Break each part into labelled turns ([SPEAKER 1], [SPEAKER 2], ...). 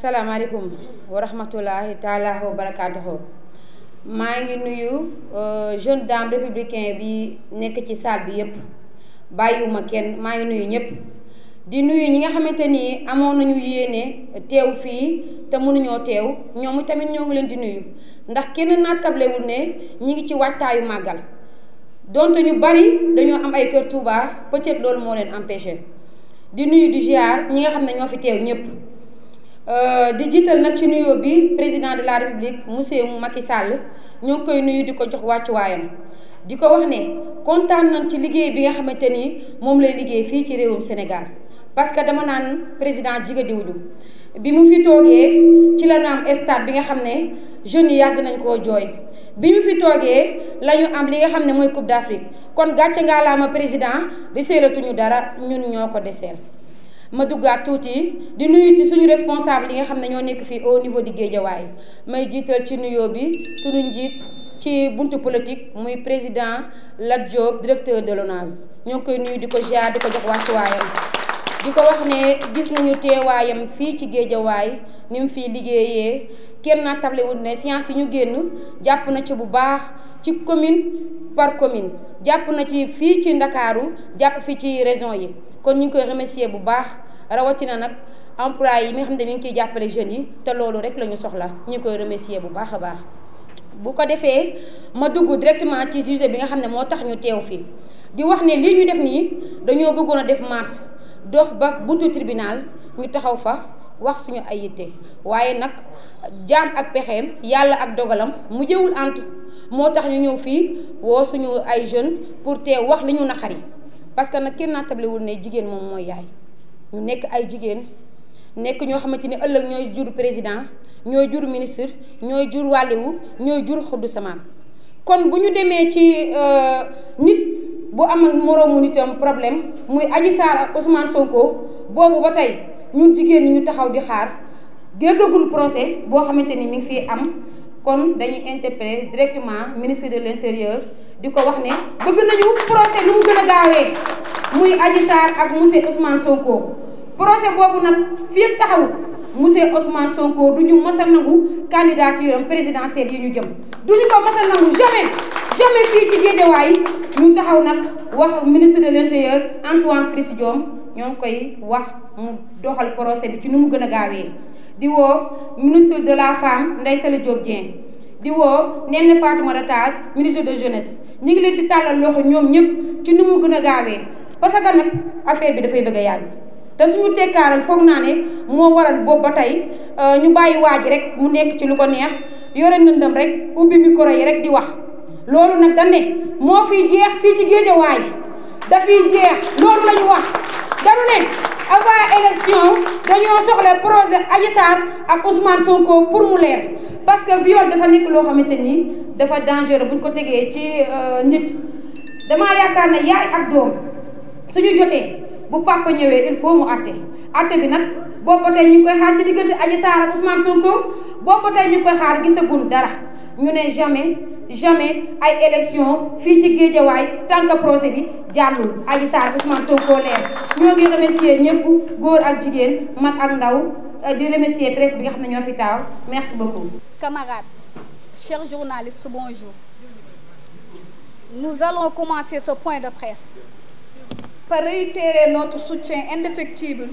[SPEAKER 1] asalaamaaleykum wa rahmatulahi taala wa barakaatuhu maa ngi nuyu euh, jeune dame républicain bi nekk ci salle bi yépp bàyyiwuma kenn maa ngi nuyu ñépp di nuyu ñi nga xamante ni amoon nañu yéene teew fii te mënuñoo teew ñoom tamit ñoo ngi leen di nuyu ndax kenn nattablewul ne ñi ngi ci waajtaayu màggal donte ñu bari dañoo am ay kër Touba peut-être loolu moo leen empêché di nuyu di ziar ñi nga xam ne ñoo fi teew ñépp Euh, di jiital nag ci nuyoo bi président de la république monsieur Macky Sall ñoo ngi koy nuyu di ko jox wàccuwaayam di ko wax ne kontaan nañ ci liggéey bi nga xamante ni moom lay liggéey fii ci réewum Sénégal parce que dama naan président jiga diwuñu bi mu fi toogee ci la ñu am stade bi nga xam ne jeunes yi yàgg nañ koo jooy bi mu fi toogee la ñu am li nga xam ne mooy coupe d'Afrique kon gàcce ngaalaama président deseelatuñu dara ñun ñoo ko deseel ma duggaat tuuti di nuyu ci suñu responsable yi nga xam ne ñoo nekk fii au niveau di Guédiawaye may jiital ci nuyoo bi suñu njiit ci buntu politique muy président Lat Diop directeur de l'ONAS ñoo ngi koy nuyu di ko ziar di ko jox wàccuwaayam di ko wax ne gis nañu teewaayam fii ci géejawaay ni mu fii liggéeyee kenn naa tablewul ne science yi ñu génn jàpp na ci bu baax ci commune par commune jàpp na ci fii ci Ndakaaru jàpp fii ci région yi kon ñu ngi koy remercier bu baax rawatina nag emploi yi nga xam ne mi ngi ciy jàppale jeunes yi te loolu rek la ñu soxla ñu ngi koy remercier bu baax a baax bu ko defee ma dugg directement ci sujet bi nga xam ne moo tax ñu teew fii di wax ne lii ñu def nii dañoo bëggoon a def marche dox ba buntu tribunal ñu taxaw fa wax suñu ay yitte waaye nag jaam ak pexeem yàlla ak dogalam mu jëwul antu moo tax ñu ñëw fii woo suñu ay jeunes pour te wax li ñu naqari parce que nag kenn naatablewul ne jigéen moom mooy yaay ñu nekk ay jigéen nekk ñoo xamante ne ëllëg ñooy jur président ñooy jur ministre ñooy jur wàlliwu ñooy jur xuddu samaam kon bu ñu demee ci euh, nit bu am ak moroomu nitam problème muy Adji Sarr ak Ousmane Sonko boobu ba tey ñun jigéen ñi ñu taxaw di xaar géggagul procès boo xamante ni mi ngi fiy am kon dañuy interpeller directement ministre de l'intérieur di ko wax ne bëgg nañu procès lu mu gën a gaawee muy Adji Sarr ak monsieur Ousmane Sonko procès boobu nag fii ak taxawut monsieur Ousmane Sonko du ñu mës a nangu candidature am présidentielle yi ñu jëm du ñu ko mës a nangu jamais jamais fii ci Guédiawaye ñu taxaw nag wax ministre de l'intérieur Antoine Félix Diome ñoo ngi koy wax mu doxal procès bi ci nu mu gën a gaawee di woo ministre de la femme Ndeye Saly Diop Dieng di woo Néné Fatoumata Tall ministre de jeunesse ñi ngi leen di tàllal loxo ñoom ñëpp ci nu mu gën a gaawee parce que nag affaire bi dafay bëgg a yàgg te suñu tekkaaral foog naa ne moo waral boobu ba tey euh, ñu bàyyi waa ji rek mu nekk ci lu ko neex yore ndëndam rek ubbi micro yi rek di wax loolu nag dañ moo fiy jeex fii ci géejawaay dafiy jeex loolu la dañu ne avant élection dañoo soxla projet Adji ak Ousmane Sonko pour mu leer parce que viol dafa nekk loo xamante ni dafa dangereux bu ñu ko tegee ci euh, nit damaa yaakaar ne yaay ak doom suñu jotee bu papa ñëwee il faut mu àtte àtte bi nag boobu ba tey ñu ngi koy xaar ci diggante Adji Sarr ak Ousmane Sonko boobu ba tey ñu ngi koy xaar gisagun dara ñu ne jamais. jamais ay élection fii ci Géejawaay tant que projet bi jàllul Adji Sarr Ousmane Sonko leer ñoo ngi remercier ñëpp góor ak jigéen mag ak ndaw euh, di remercier presse bi nga xam na ñoo fi taaw merci beaucoup.
[SPEAKER 2] camarades chers journalistes bonjour nous allons commencer ce point de presse par réitérer notre soutien indéfectible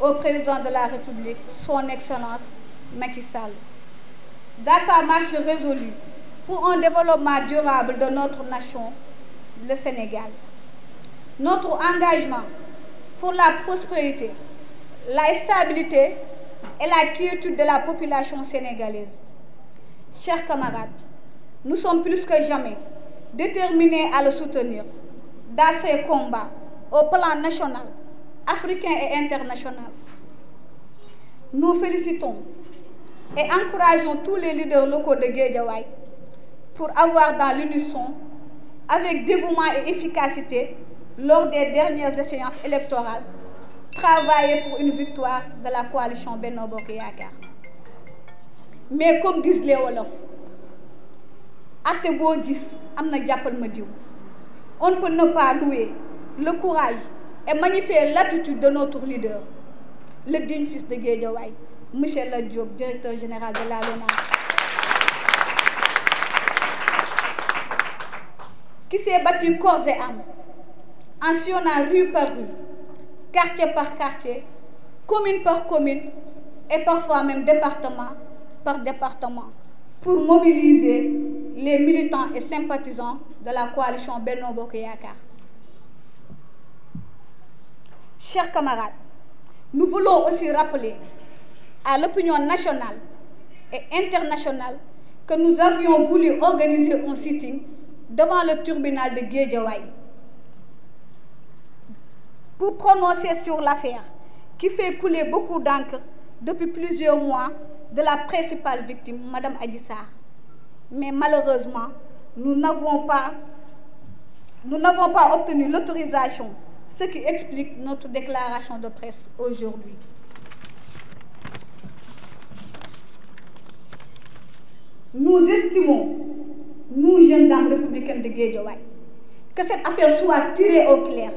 [SPEAKER 2] au président de la République son excellence Macky Sall dans sa marche résolue pour un développement durable de notre nation, le Sénégal. Notre engagement pour la prospérité, la stabilité et la quiétude de la population sénégalaise. Chers camarades, nous sommes plus que jamais déterminés à le soutenir dans ses combats au plan national, africain et international. Nous félicitons et encourageons tous les leaders locaux de Guédiawaye pour avoir dans l'unisson, avec dévouement et efficacité, lors des dernières échéances électorales, travaillé pour une victoire de la coalition Benno Bokk Yaakaar mais comme disent les Wolof atte boo gis am na jàppal ma diw on ne peut ne pas louer le courage et magnifier l'attitude de notre leader le digne fils de Guédiawaye monsieur Lat Diop directeur général de la qui s'est battu corps et âme en sillonnant rue par rue, quartier par quartier, commune par commune et parfois même département par département pour mobiliser les militants et sympathisants de la coalition Benno Bokk Yakaar. Chers camarades, nous voulons aussi rappeler à l'opinion nationale et internationale que nous avions voulu organiser un sitting devant le tribunal de Guédiawaye pour prononcer sur l'affaire qui fait couler beaucoup d'encre depuis plusieurs mois de la principale victime, Madame Adissar. Mais malheureusement, nous n'avons pas, nous n'avons pas obtenu l'autorisation, ce qui explique notre déclaration de presse aujourd'hui. Nous estimons nous, jeunes dames de Guédiawaye, que cette affaire soit tirée au clair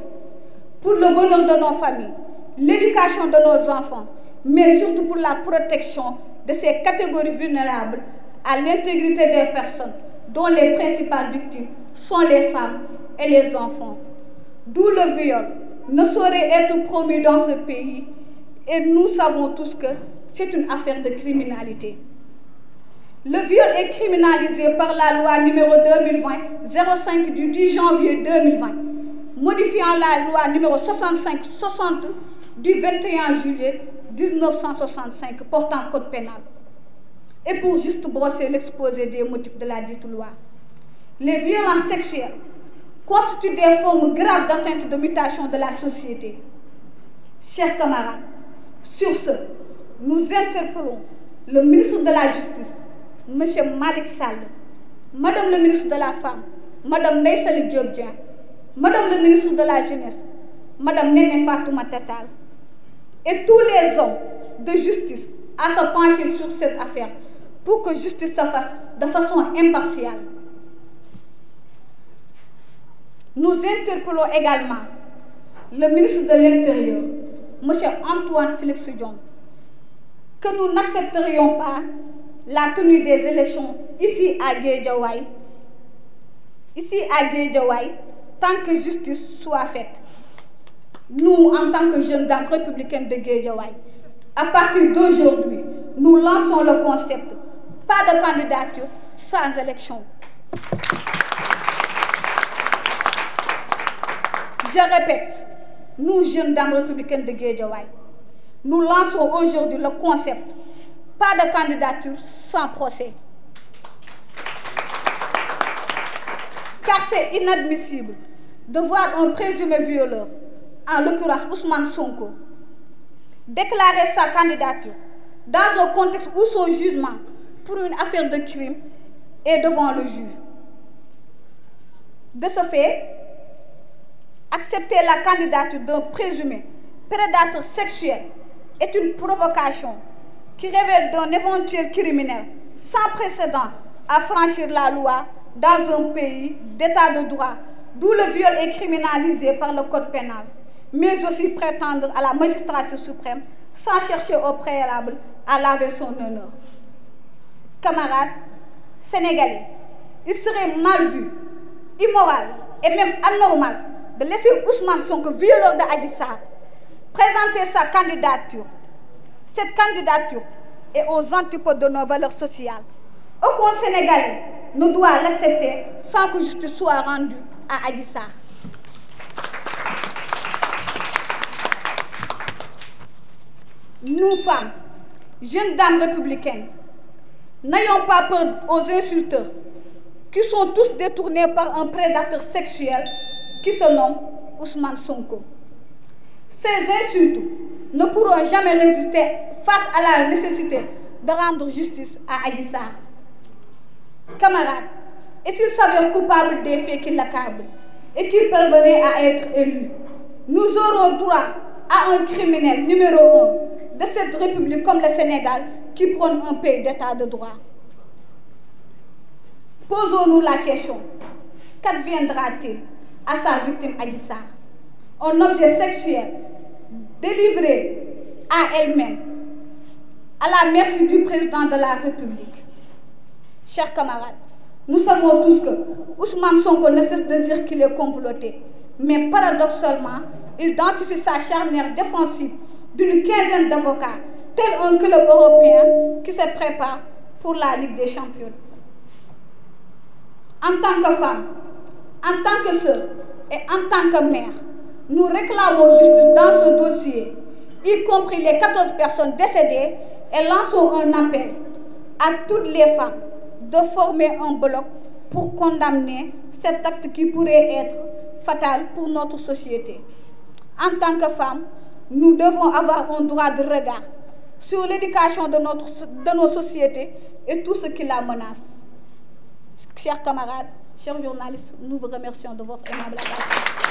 [SPEAKER 2] pour le bonheur de nos familles, l'éducation de nos enfants, mais surtout pour la protection de ces catégories vulnérables à l'intégrité des personnes dont les principales victimes sont les femmes et les enfants. D'où le viol ne saurait être promu dans ce pays et nous savons tous que c'est une affaire de criminalité. Le viol est criminalisé par la loi numéro 2020-05 du 10 janvier 2020, modifiant la loi numéro du juillet portant code pénal. Et pour juste brosser l'exposé des motifs de la dite loi, les violences sexuelles constituent des formes graves d'atteinte de mutation de la société. Chers camarades, sur ce, nous interpellons le ministre de la Justice monsieur Malick Sall madame le ministre de la femme madame Ndeye Saly Diop Dieng madame le ministre de la jeunesse madame Néné Fatoumata Tall et tous les hommes de justice à se pencher sur cette affaire pour que justice se fasse de façon impartiale. Nous interpellons également le ministre de l'Intérieur, M. Antoine Félix Diome, que nous n'accepterions pas la tenue des élections ici à Guédiawaye ici à Guédiawaye tant que justice soit faite nous en tant que jeunes dames républicaines de Guédiawaye à partir d'aujourd'hui nous lançons le concept pas de candidature sans élection je répète nous jeunes dames républicaines de Guédiawaye nous lançons aujourd'hui le concept Pas de candidature sans procès. Car c'est inadmissible de voir un présumé violeur, en l'occurrence Ousmane Sonko, déclarer sa candidature dans un contexte où son jugement pour une affaire de crime est devant le juge. De ce fait, accepter la candidature d'un présumé prédateur sexuel est une provocation qui révèle d'un éventuel criminel sans précédent à franchir la loi dans un pays d'état de droit, d'où le viol est criminalisé par le code pénal, mais aussi prétendre à la magistrature suprême sans chercher au préalable à laver son honneur. Camarades sénégalais, il serait mal vu, immoral et même anormal de laisser Ousmane Sonko, violeur de Adissar, présenter sa candidature Cette candidature est aux antipodes de nos valeurs sociales. Aucun Sénégalais ne doit l'accepter sans que justice soit rendue à Adissar. Nous, femmes, jeunes dames républicaines, n'ayons pas peur aux insulteurs qui sont tous détournés par un prédateur sexuel qui se nomme Ousmane Sonko. Ces insultes ne pourront jamais résister face à la nécessité de rendre justice à Adji Sarr. est-il s'avère coupable des faits qui l'accablent et qui parvenait à être élu, nous aurons droit à un criminel numéro un de cette république comme le Sénégal qui prône un pays d'état de droit. Posons-nous la question, qu'adviendra-t-il à sa victime Adji Un objet sexuel délivrée à elle-même, à la merci du président de la République. Chers camarades, nous savons tous que Ousmane Sonko ne cesse de dire qu'il est comploté, mais paradoxalement, il identifie sa charnière défensive d'une quinzaine d'avocats, tel un club européen qui se prépare pour la Ligue des Champions. En tant que femme, en tant que sœur et en tant que mère, Nous réclamons justice dans ce dossier, y compris les 14 personnes décédées, et lançons un appel à toutes les femmes de former un bloc pour condamner cet acte qui pourrait être fatal pour notre société. En tant que femmes, nous devons avoir un droit de regard sur l'éducation de, nos sociétés et tout ce qui la menace. Chers camarades, chers journalistes, nous vous remercions de votre aimable attention.